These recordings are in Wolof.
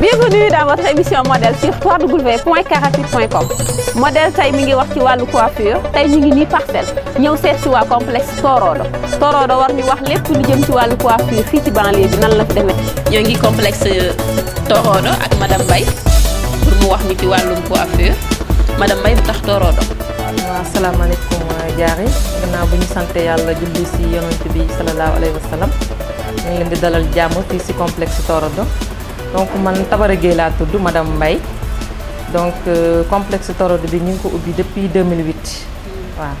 Bienvenue dans votre émission modèle sur www.caractère.com modèle tay mi ngi wax ci walu coiffure tay ñu ngi ni parcel ñew sét ci wa complexe Torodo Torodo war ñu wax lepp lu jëm ci walu coiffure fi ci banlieue bi nan la démé ñoo ngi complexe Torodo ak madame Baye pour mu wax ñu ci walum coiffure madame Bay tax Torodo waaw asalaamaaleykum eh, jaare gannaaw bu ñu sante yàlla julli si yonent bi salallahu alayhi wa sallam ñu leen di dalal jàmm fii si complexe Torodo donc man Tabara Gueye laa tudd madame Mbaye donc complexe eh, Torodo bi ñu ko ubbi depuis 2008 waaw.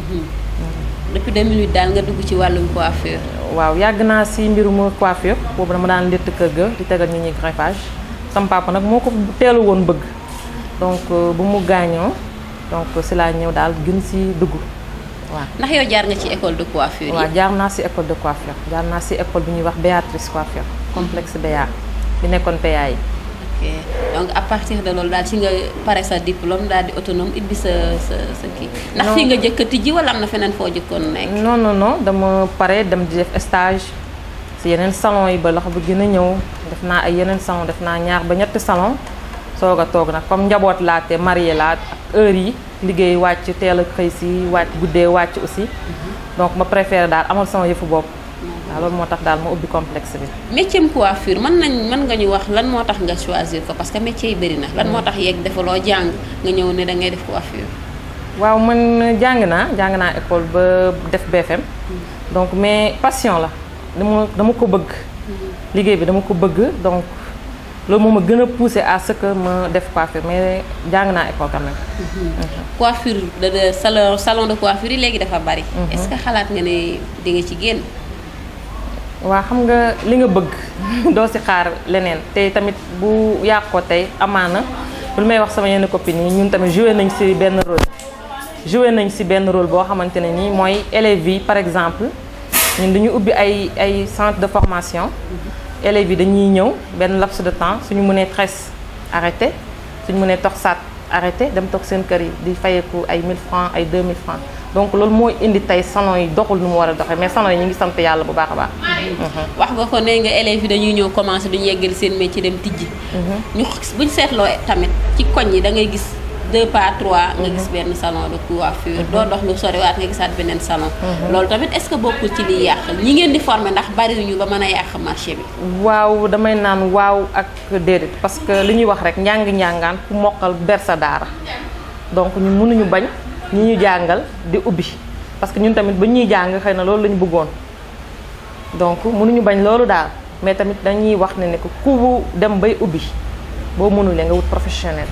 Mhm. Hmm. depuis 2008 daal nga dugg ci wàllum coiffure. waaw yàgg ya naa si mbirum coiffure boobu dama daan létt kër ga di tegal ñu ñuy greffage sama papa nag moo ko teelu bëgg donc eh, bu mu gaañoo. donc si laa ñëw daal gën ci dugg waaw. ndax yow jaar nga ci école de coiffure yi. waaw jaar naa si école de coiffure jaar naa si école bi ñuy wax Béatrice coiffure complexe mhm. Béa bi nekkoon PA yi. ok donc à partir de loolu daal si nga pare sa diplôme daal di autonome ibbi sa sa sa kii. ndax fii nga jëkkati ji wala am na feneen foo jëkkoon nekk. non non non dama pare dem di def stage si yeneen salon yi ba loxo bu gën a ñëw def naa ay yeneen salon def naa ñaar ba ñetti salon soog tok nak comme njaboot laa te marié laa heure yi liggéey wacc teel a xëy si wacc guddee wàcc aussi mhm. donc ma préfère dal amal sama yëfu bop waaw motax dal tax daal ma ubbi complexe bi métier coiffure man nañ man nga ñu wax lan motax nga choisir ko parce que métier yi na lan motax tax yeeg defaloo jàng nga ñëw né da ngay def coiffure waaw man jang na jang na école ba def BFM mhm. donc mais passion la dama dama ko bëgg mhm. liggéey bi dama ko bëgg donc loolu moo a gën a poussé à ce que ma def coiffure mais jàng naa école quand même. Mm-hmm. coiffure de salon salon de coiffure yi léegi dafa bari. Mm-hmm. est-ce xalaat nga ne di ci génn. waa xam nga li nga bëgg doo si xaar leneen te tamit bu yàqoo tey amaana lu may wax sama yenn copines yi ñun tamit joué nañ si benn rôle. joué nañ si benn rôle boo xamante ne nii mooy élèves yi par exemple ñun dañu ubbi ay ay centre de formation. Mm-hmm. élèves dañuy ñëw ben laps de temps suñu mënee tresse arrêté suñu mënee torsaat arrêté dem tok seen kër yi di fayeku ay 1000 francs ay 2000 francs donc lool moy indi tay salon yi doxul nu mu war a mais salon yi ñi ngi sant yalla bu baax baax. wax nga ko né nga élèves yi dañuy ñëw commencé duñu yeggali seen métier dem tijji. Mhm. ñu buñ seetloo tamit ci koñ yi da ngay gis. deux pas trois nga gis benn salon de coiffure mhm. doo dox lu soriwaat nga gisaat salon mhm. loolu tamit est ce que bokkul ci li yàq ñi ngeen di former ndax bari ñu ba mën a yàq marché bi waaw damay naan waaw ak déedéet parce que li ñuy wax rek njàng njàngaan ku mokkal ber sa daara donc ñu mënuñu bañ ñi ñu jàngal di ubi. parce que ñun tamit ba ñuy jàng xëy na loolu lañu bëggoon donc mënuñu bañ loolu daal mais tamit dañuy wax ne ne ku dem bay ubbi boo mënulee nga wut professionnel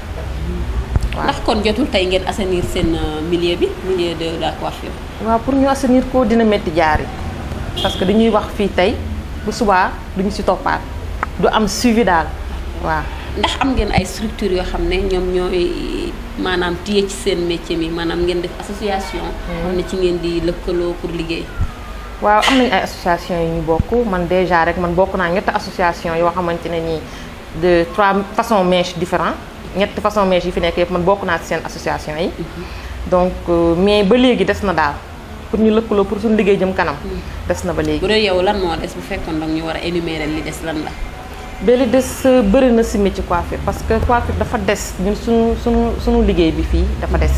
ndax kon jotul tay ngeen assainir sen euh, milieu bi milieu de la coiffure wa pour ñu assainir ko dina metti jaar parce que dañuy wax fi tay bu suba duñ ci topat du am suivi dal wa ndax am ngeen ay structure yo xamne ñom ñoy manam maanaam ci sen métier mi manam ngeen def association xam hmm. ci ngeen di lekkelo pour liggéey wa am nañ ay association yi bokku man déjà rek man bokk naa ñetti association yo xamante ni de trois façons mèches différents ñetti façon mèche yi fi nekk yëpp man bokk naa ci seen association yi. donc euh, mais ba léegi des na daal pour ñu lëkkaloo pour suñu liggéey jëm kanam. des na ba léegi. bu dee yow lan moo des bu fekkoon donc ñu war a énumérer li des lan la. ba li des euh, bëri na si métier coiffure parce que coiffure dafa des ñun suñu suñu suñu liggéey bi fii dafa des.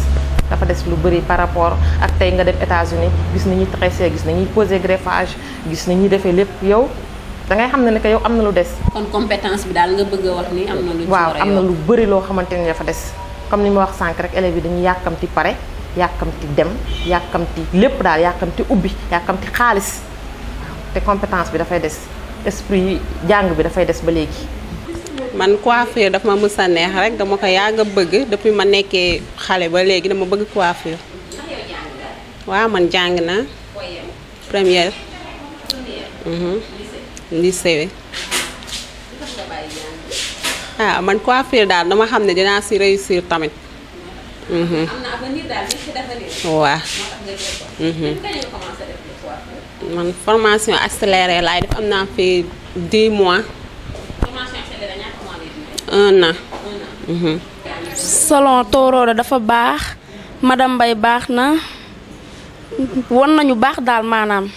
dafa des lu bëri par rapport ak tey nga dem États-Unis gis nañuy tressé gis nañuy posé greffage gis ñu defee lépp yow. da ngay xamne nek yow amna lu dess kon compétence bi dal nga bëgg wax ni am na lu. waaw am na lu bëri lo xamanteni ya fa dess comme ni ma wax sank rek élève yi dañuy yakamti paré yakamti dem yakamti lepp dal yakamti ubbi yakamti xaalis te compétence bi fay dess esprit jang bi da fay dess ba légui man coiffure daf ma mësa neex rek dama ko yàgg bëgg depuis ma nekké xalé ba légui dama bëgg coiffure. waaw man jang na première. Mhm. di sewe ah man coiffure daal dama xam ne dinaa si réussir tamit. Mhm. am na avenir waaw. Mhm. man formation accélérée laay def am naa fi 10 mois. formation accélérée ñaata un an. Mhm. salon Torodo dafa baax madame Mbaye baax na won nañu baax daal maanaam.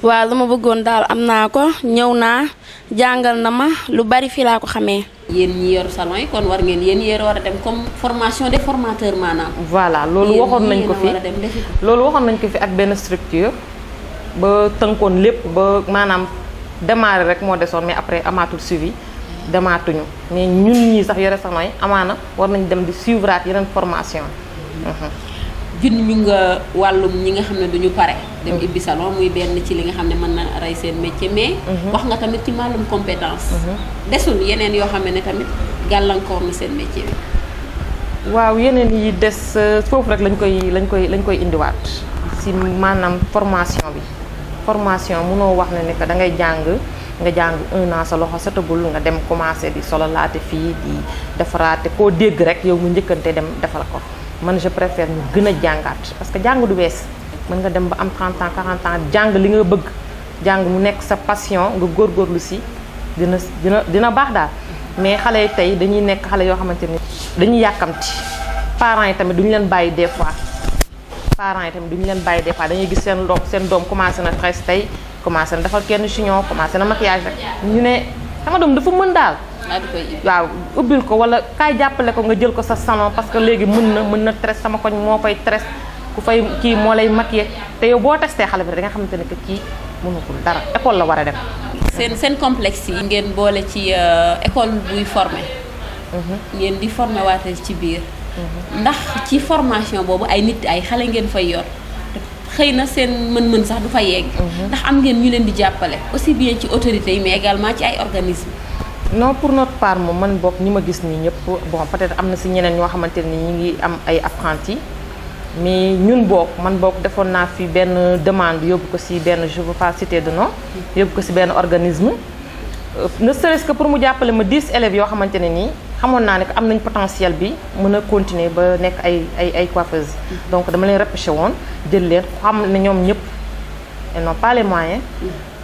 waaw lu ma bëggoon daal am naa ko ñëw naa jàngal na ma lu bari fii laa ko xamee. yéen ñi yor salon yi kon war ngeen yéen yéen war a dem comme formation des formateurs maanaam. voilà loolu waxoon nañ ko fi loolu waxoon nañ ko fi ak benn structure ba tënkoon lépp ba maanaam démarrer rek moo desoon mais après amaatul suivi. demaatuñu mais ñun ñii sax yore salon yi amaana war nañ dem di suivraat yeneen formation. junni nga walum ñi nga xamne duñu paré dem mm. ibi salon muy benn ci li nga xamne mën na ray seen métier mais mm-hmm. wax nga tamit ci malum compétence mm-hmm. desul yenen yo xamne ne tamit galankor na seen métier bi waaw yenen yi des euh, fofu rek lañ koy lañ koy lañ koy wat si manam formation bi formation mënoo wax ne ne da ngay jang nga jang 1 an sa loxo setagul nga dem commencer di sololaate fi di defaraate ko dégg rek yow mu ñëkënte dem defal ko man je préfère ñu gën a jàngaat parce que jàng du wees mën nga dem ba am 30 ans 40 ans jàng li nga bëgg jàng mu nekk sa passion nga góorlu si dina dina dina baax daal mais xale yi tey dañuy nekk xale yoo xamante ni dañuy yàkkamti parents yi tamit duñu leen bàyyi des fois parents yi tamit duñu leen bàyyi des fois dañuy gis seen doom seen doom commencé na treize tey commencé na defal kenn chignon commencé na maquillage rek ñu ne sama doom dafa mën daal waaw ubil ko wala kaay jàppale ko nga jël ko sa salon parce que léegi mën na mën na sama koñ moo fay tres ku fay kii moo lay maquillé te yow boo testé xale bi da nga xamante ne que kii dara école la war dem seen seen complexe yi ngeen boole ci euh, école buy formé mhm. ngeen di formé waatal ci biir mhm. ndax ci formation boobu ay nit ay xale ngeen fay yor xëy na mën-mën sax du fa yegg mhm. ndax am ngeen ñu leen di jappalé aussi bien ci autorité mais également ci ay organisme non pour not part moom man bokk ñi ma gis nii ñëpp bon peut-être am na si ñeneen ñoo xamante ni ñu ngi am ay apprentis mais ñun book man book defoon naa fi benn demande yóbbu ko si benn je veux pas citer de nom yóbbu ko si benn organisme euh, ne serait-ce pour mu jàppale ma 10 élèves yoo xamante ne nii xamoon naa ne que am nañ potentiel bi mën a continuer ba nekk ay ay ay coiffeuses donc dama leen repêché woon jël leen xam ne ñoom ñëpp ils n'ont pas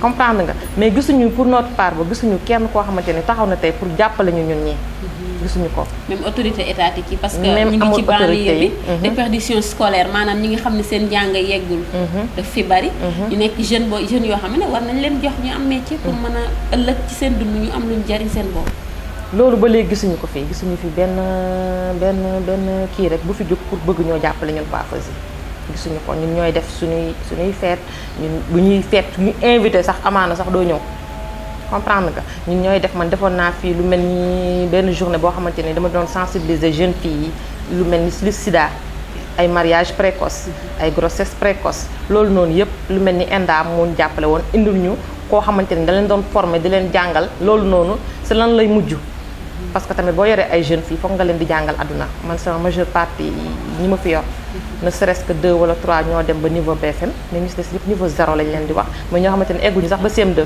comprendre nga mais gisuñu pour notre part ba gisuñu kenn koo xamante ne taxaw na tey pour jàppale ñu ñun ñi gisuñu ko même autorité étatique yi parce que ñu ngi ci banlieue bi déperdition mhm. scolaire maanaam ñi ngi xam ne seen njàng yeggul mhm. daf fi bari mhm. ñu nekk jeune boo jeunes yoo xam ne war nañ leen jox ñu am métier pour mën a ëllëg ci seen dund ñu am luñ jariñ seen bopp loolu ba léegi gisuñu ko fii gisuñu fi benn benn benn kii rek bu fi jóg pour bëgg ñoo jàppale ñun paafas yi gisuñu ko ñun ñooy def suñuy suñuy feet ñun bu ñuy feet ñu invité sax amaana sax doo ñëw comprendre nga ñun ñooy def man defoon naa fii lu mel ni benn journée boo xamante ne dama doon sensibiliser jeunes filles yi lu mel ni lu sida ay mariage précoce ay grossesse précoce loolu noonu yëpp lu mel ni ENDA moon jàppale woon indil ñu koo xamante ne da leen doon former di leen jàngal loolu noonu si lan lay mujj parce que tamit boo yoree ay jeunes fii foog nga leen di jàngal àdduna man sama majeure partie ñi ma fi yor ne serait-ce que deux wala trois ñoo dem ba niveau BFM mais ñu des yëpp niveau zéro lañ leen di wax mais ñoo xamanteni ne ñu sax ba CM2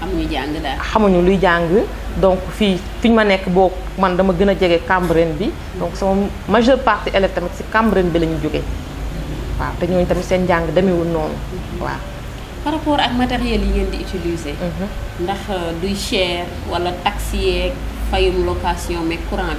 xamuñu jang da xamuñu luy jang donc fi fiñ ma nek boo man dama gëna a Cambrène bi donc sama majeure partie élève tamit si Cambrène bi lañu joggé jógee waaw te ñooñu tamit seen jàng wu non waaw par rapport ak matériel yi ngeen di utiliser mhm. ndax euh, duy cher wala taxi yeeg fayum location mais courant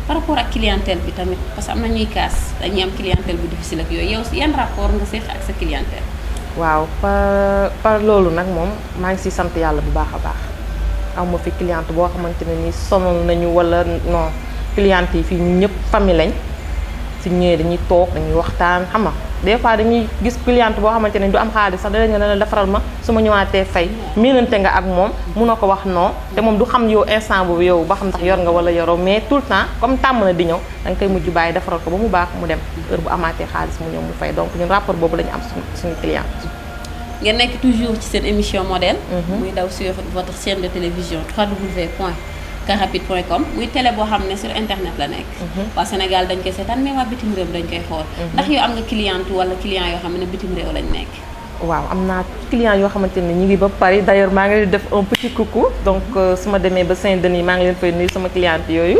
rapport ak clientèle bi tamit parce que am na ñuy kaas dañuy am clientèle bu difficile ak yooyu yow yan rapport nga seex ak sa clientèle. waaw par par loolu nag moom maa ngi siy sant yàlla bu baax a baax awma fi cliente boo xamante ne nii sonal nañu wala non cliente yi fii ñu ñëpp famille lañ su ñëwee dañuy toog dañuy waxtaan xam des fois dañuy gis cliente boo xamante ne du am xaalis sax danañ la defaral ma su ma ñëwaatee fay miinante nga ak moom munoo ko wax non te moom du xam yow instant boobu yow ba xam ndax yor nga wala yoroo mais tout le temps comme tàmm na di ñëw da nga koy mujj bàyyi defaral ko ba mu baax mu dem heure bu amaatee xaalis mu ñëw mu fay donc ñun rapport boobu la ñu am suñu suñu client ngeen nekk toujours ci seen émission modèle mhm. muy daw sur votre chaîne de télévision dakarrapide.com muy télé boo xam ne sur internet la nekk. Mhm. waa Sénégal dañ koy seetaan mais bitim réew dañ koy xool. Mhm. ndax yow am nga client wala client yoo xam ne bitim réew lañ nekk. am naa client yoo xamante ne ñu ngi ba Paris d'ailleurs maa ngi leen def un petit coucou donc mhm. euh, su demee ba Saint-Denis maa ngi leen fay nuyu sama cliente yooyu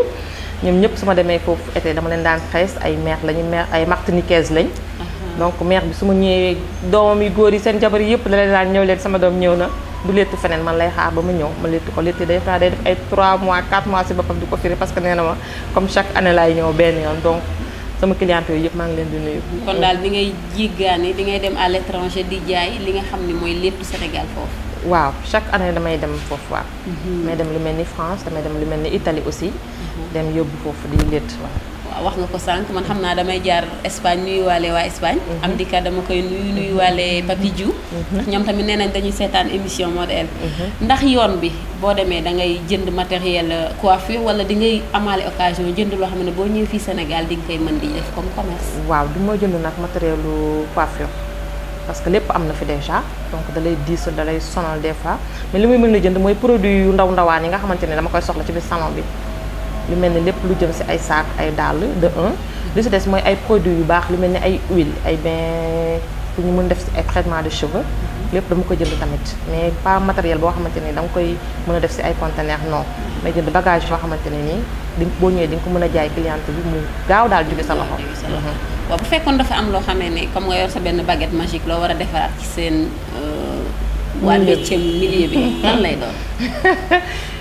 ñoom ñëpp su ma demee foofu été dama leen daan xees ay mère lañu mère ay martiniquaise lañ. donc mère bi su ma ñëwee doomam yu góor yi seen jabar yëpp la leen daan ñëw leen sama doom ñëw na. du léttu feneen man lay xaar ba ma ñëw ma léttu ko létti day fa day def ay 3 mois 4 mois si boppam di ko firi parce que nee na ma comme chaque année laay ñëw benn yoon donc sama client yooyu yëpp maa ngi leen di nuyu. kon daal bi ngay jiggaani di ngay dem à l'étranger di jaay li nga xam ne mooy léttu Sénégal foofu. waaw chaque année damay dem foofu waaw. Mhm. damay dem lu mel ni France damay dem lu mel ni Italie aussi. Mhm. dem yóbbu foofu di létt waaw. wax nga ko sank man xamna damay jaar Espagne nuyu walé wa Espagne. Mhm. am dika dama koy nuyu nuyu walé mhm. Papi Diouf. Mhm. ñom tamit nenañ dañuy sétane émission model ndax yoon bi bo démé da ngay jënd matériel euh, coiffure wala di ngay amalé occasion jënd lo xamné bo ñëw fi Sénégal di ngay koy mën di def comme commerce. waaw du ma jënd nak matériel coiffure. parce que lepp amna fi déjà donc da lay diisal da lay sonal des fois mais limuy mëna jënd moy produit yu ndaw ndawani nga xamante dama koy soxla ci bi salon bi. lu mel ni lépp lu jëm si ay saak ay dàll de un lu si des mooy ay produits yu baax lu mel ni ay huile ay bain pour ñu mën def si ay traitement de cheveux mhm. lépp dama ko jënd tamit mais pas matériel boo xamante ni da nga koy mën a def si ay conteneur non mais jënd bagage yoo xamante ne nii di boo ñëwee di nga ko mën a jaay cliente bi mu gaaw daal juge sa loxo mhm. waaw bu fekkoon dafa am loo xamee ne comme nga yor sa benn bagget magique loo war a defaraat seen wàllu euh, métier milieu bi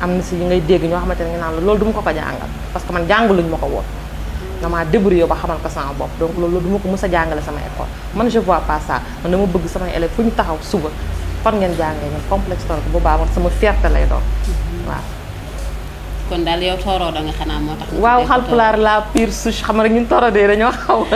amna ci ngay dégg ñoo xamante nga naan loolu duma ko fa jangal parce que man jàng luñ ma ko woon dama débrouillé ba xamal ko sama bop donc loolu duma ko mësa a sama école man je vois pas ça man dama bëgg sama élève fuñu taxaw suba fan ngeen jangé ñu complexe tor bu boobaa man sama fierté lay doon waaw kon dal yow toro da nga xana moo tax waaw xalpulaar la pire souche xam rek ñun toro dé dañu xaw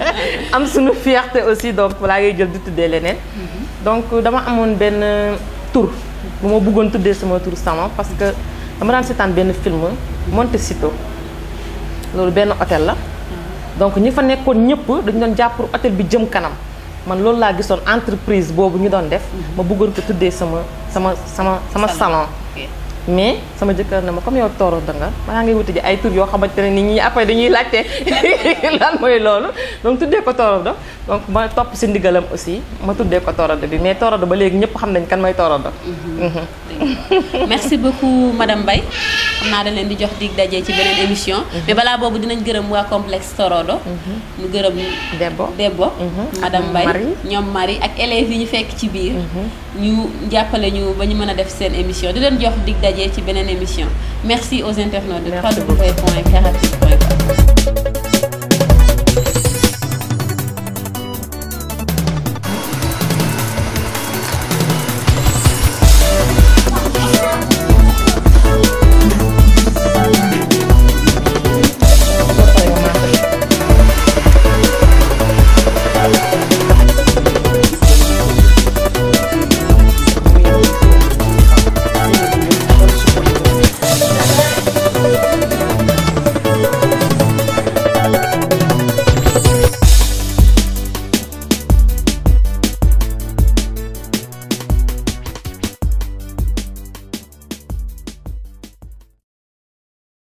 am suñu fierté aussi donc la ngay jël du tuddé lénen mhm. donc dama amone ben tour Je tout bëggoon tuddee sama le salon parce que dama suis seetaan benn film Montecito loolu un hôtel donc ñi fa nekkoon ñëpp dañu pour hôtel bi jëm kanam man entreprise suis ñu def ma salon mais sama jëkkër na ma comme yow toro da nga ma nga wuti ji ay tour yo xamanteni nit ñi après dañuy laccé lan moy loolu donc tuddé ko toro da donc ma top ci ndigalam aussi ma tuddé ko toro da bi mais toro da ba légui ñëpp xam nañ kan moy toro da merci beaucoup madame bay xamna da leen di jox dig dajé ci benen émission mais mhm. bala bobu dinañ gëreum wa complexe toro do ñu mhm. gëreum debbo debbo mhm. madame bay ñom mari ak élève yi ñu fekk ci biir ñu jappalé ñu bañu mëna def seen émission di leen jox dig daje daje ci beneen émission merci aux internautes de www.caractère.com